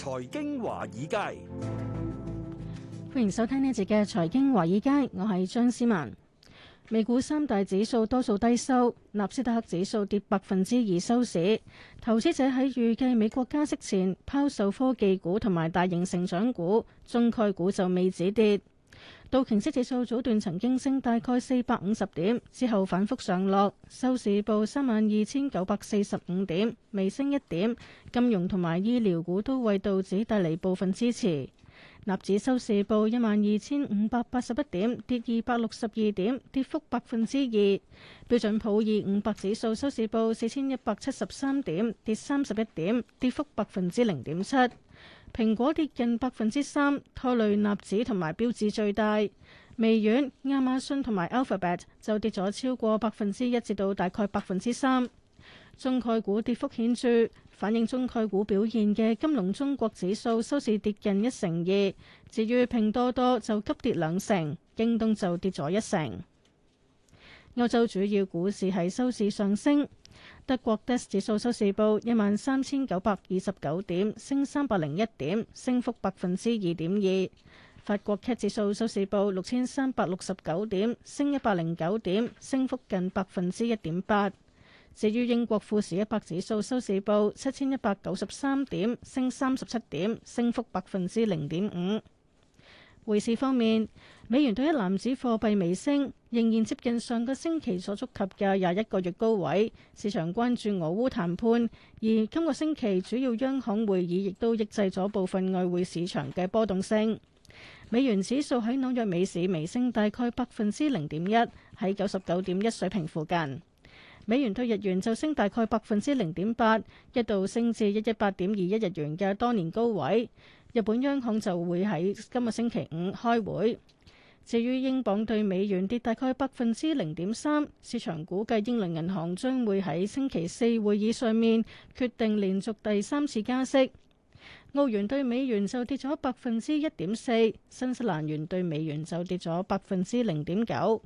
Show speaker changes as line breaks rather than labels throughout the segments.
財經華爾街，
歡迎收聽呢一節嘅財經華爾街，我係張思文。美股三大指數多數低收，納斯達克指數跌百分之二收市。投資者喺預計美國加息前拋售科技股同埋大型成長股，中概股就未止跌。道瓊斯指數早段曾經升大概四百五十點，之後反覆上落，收市報三萬二千九百四十五點，微升一點。金融同埋醫療股都為道指帶嚟部分支持。納指收市報一萬二千五百八十一點，跌二百六十二點，跌幅百分之二。標準普爾五百指數收市報四千一百七十三點，跌三十一點，跌幅百分之零點七。蘋果跌近百分之三，拖累納指同埋標指最大。微軟、亞馬遜同埋 Alphabet 就跌咗超過百分之一至到大概百分之三。中概股跌幅顯著，反映中概股表現嘅金龍中國指數收市跌近一成二。至於拼多多就急跌兩成，京東就跌咗一成。歐洲主要股市喺收市上升。德國 DAX 指數收市報一萬三千九百二十九點，升三百零一點，升幅百分之二點二。法國 CAC 指數收市報六千三百六十九點，升一百零九點，升幅近百分之一點八。至於英國富時一百指數收市報七千一百九十三點，升三十七點，升幅百分之零點五。匯市方面，美元對一籃子貨幣微升。仍然接近上個星期所觸及嘅廿一個月高位，市場關注俄烏談判，而今個星期主要央行會議亦都抑制咗部分外匯市場嘅波動性。美元指數喺紐約美市微升大概百分之零點一，喺九十九點一水平附近。美元兌日元就升大概百分之零點八，一度升至一一八點二一日元嘅多年高位。日本央行就會喺今個星期五開會。至於英鎊對美元跌大概百分之零點三，市場估計英倫銀行將會喺星期四會議上面決定連續第三次加息。澳元對美元就跌咗百分之一點四，新西蘭元對美元就跌咗百分之零點九。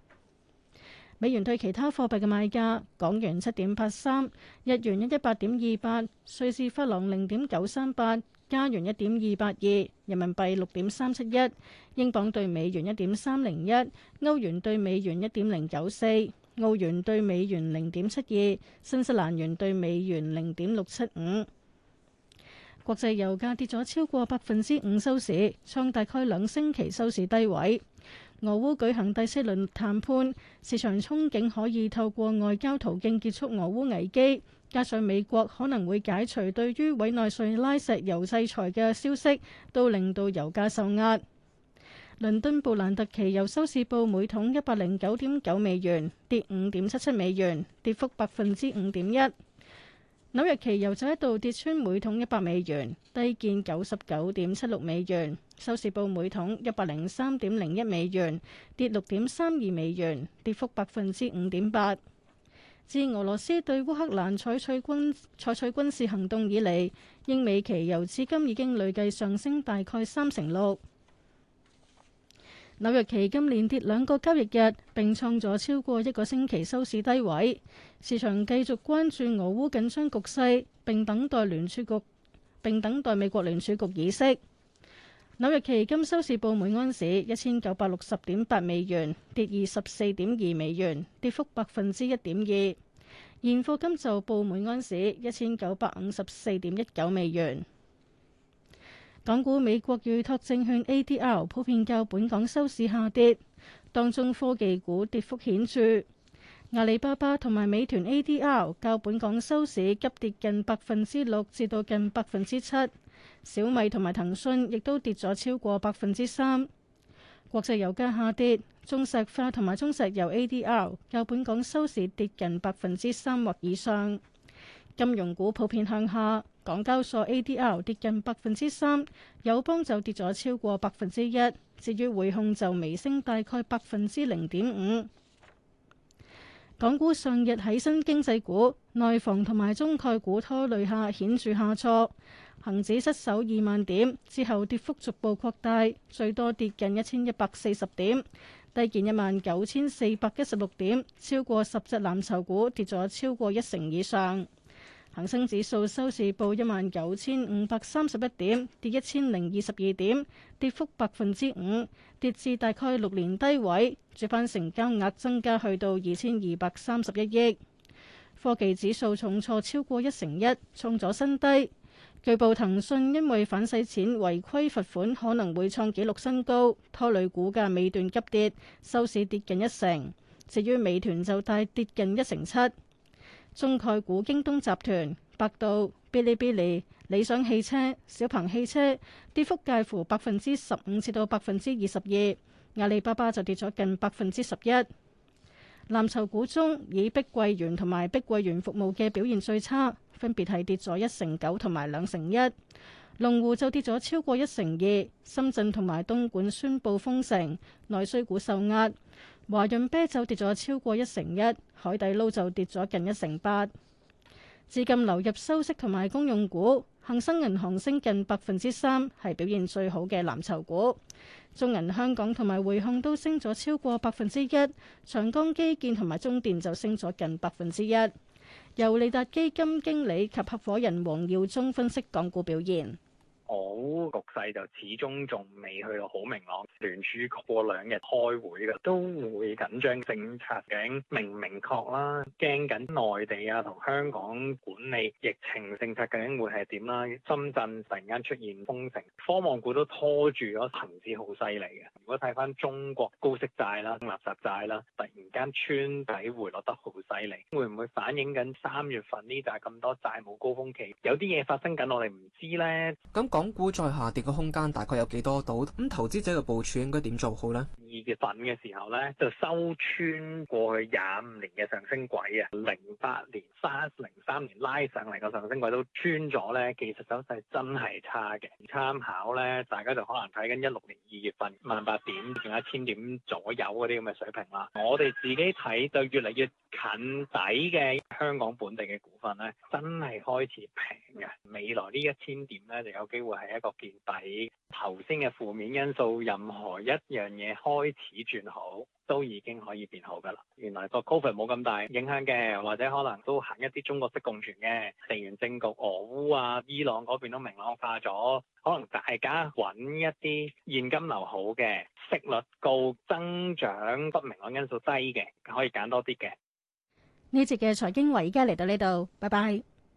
美元對其他貨幣嘅賣價：港元七點八三，日元一一八點二八，瑞士法郎零點九三八。加元一點二八二，人民幣六點三七一，英鎊兌美元一點三零一，歐元兌美元一點零九四，澳元兌美元零點七二，新西蘭元兌美元零點六七五。國際油價跌咗超過百分之五收市，創大概兩星期收市低位。俄烏舉行第四輪談判，市場憧憬可以透過外交途徑結束俄烏，烏危機。加上美國可能會解除對於委內瑞拉石油制裁嘅消息，都令到油價受壓。倫敦布蘭特期油收市報每桶一百零九點九美元，跌五點七七美元，跌幅百分之五點一。紐約期油就一度跌穿每桶一百美元，低見九十九點七六美元，收市報每桶一百零三點零一美元，跌六點三二美元，跌幅百分之五點八。自俄羅斯對烏克蘭採取軍採取軍事行動以嚟，英美期油至今已經累計上升大概三成六。紐約期金連跌兩個交易日，並創咗超過一個星期收市低位。市場繼續關注俄烏緊張局勢，並等待聯儲局並等待美國聯儲局議息。紐約期金收市報每盎司一千九百六十點八美元，跌二十四點二美元，跌幅百分之一點二。現貨金就報每盎司一千九百五十四點一九美元。港股美國預託證券 ADR 普遍較本港收市下跌，當中科技股跌幅顯著。阿里巴巴同埋美團 ADR 較本港收市急跌近百分之六，至到近百分之七。小米同埋騰訊亦都跌咗超過百分之三。國際油價下跌，中石化同埋中石油 ADR 較本港收市跌近百分之三或以上。金融股普遍向下，港交所 ADR 跌近百分之三，友邦就跌咗超過百分之一，至於匯控就微升大概百分之零點五。港股上日起新經濟股、內房同埋中概股拖累下，顯著下挫。恒指失守二萬點之後，跌幅逐步擴大，最多跌近一千一百四十點，低見一萬九千四百一十六點。超過十隻藍籌股跌咗超過一成以上。恒生指數收市報一萬九千五百三十一點，跌一千零二十二點，跌幅百分之五，跌至大概六年低位。主板成交額增加去到二千二百三十一億。科技指數重挫超過一成一，創咗新低。據報，騰訊因為反洗錢違規罰款，可能會創紀錄新高，拖累股價尾段急跌，收市跌近一成。至於美團就大跌近一成七，中概股京東集團、百度、嗶哩嗶哩、理想汽車、小鵬汽車跌幅介乎百分之十五至到百分之二十二，阿里巴巴就跌咗近百分之十一。藍籌股中，以碧桂園同埋碧桂園服務嘅表現最差，分別係跌咗一成九同埋兩成一。龍湖就跌咗超過一成二，深圳同埋東莞宣布封城，內需股受壓。華潤啤酒跌咗超過一成一，海底撈就跌咗近一成八。資金流入收息同埋公用股。恒生銀行升近百分之三，係表現最好嘅藍籌股。中銀香港同埋匯控都升咗超過百分之一，長江基建同埋中電就升咗近百分之一。由利達基金經理及合夥人黃耀忠分析港股表現。
股局勢就始終仲未去到好明朗，聯儲過兩日開會嘅，都會緊張政策究竟明唔明確啦，驚緊內地啊同香港管理疫情政策究竟會係點啦，深圳突然間出現封城，科網股都拖住咗層次好犀利嘅。如果睇翻中國高息債啦、垃圾債啦，突然間穿底回落得好犀利，會唔會反映緊三月份呢？就係咁多債務高峰期，有啲嘢發生緊，我哋唔知呢。咁港股再下跌個空間大概有幾多度？咁投資者嘅部署應該點做好呢？二月份嘅時候咧，就收穿過去廿五年嘅上升軌啊，零八年三零三年拉上嚟個上升軌都穿咗咧，技術走勢真係差嘅。參考咧，大家就可能睇緊一六年二月份萬八點，仲有一千點左右嗰啲咁嘅水平啦。我哋自己睇就越嚟越近底嘅香港本地嘅股。咧真係開始平嘅，未來呢一千點咧就有機會係一個見底。頭先嘅負面因素，任何一樣嘢開始轉好，都已經可以變好噶啦。原來個 COVID 冇咁大影響嘅，或者可能都行一啲中國式共存嘅。地緣政局，俄烏啊、伊朗嗰邊都明朗化咗，可能大家揾一啲現金流好嘅、息率高、增長不明朗因素低嘅，可以揀多啲嘅。
呢集嘅財經圍，而家嚟到呢度，拜拜。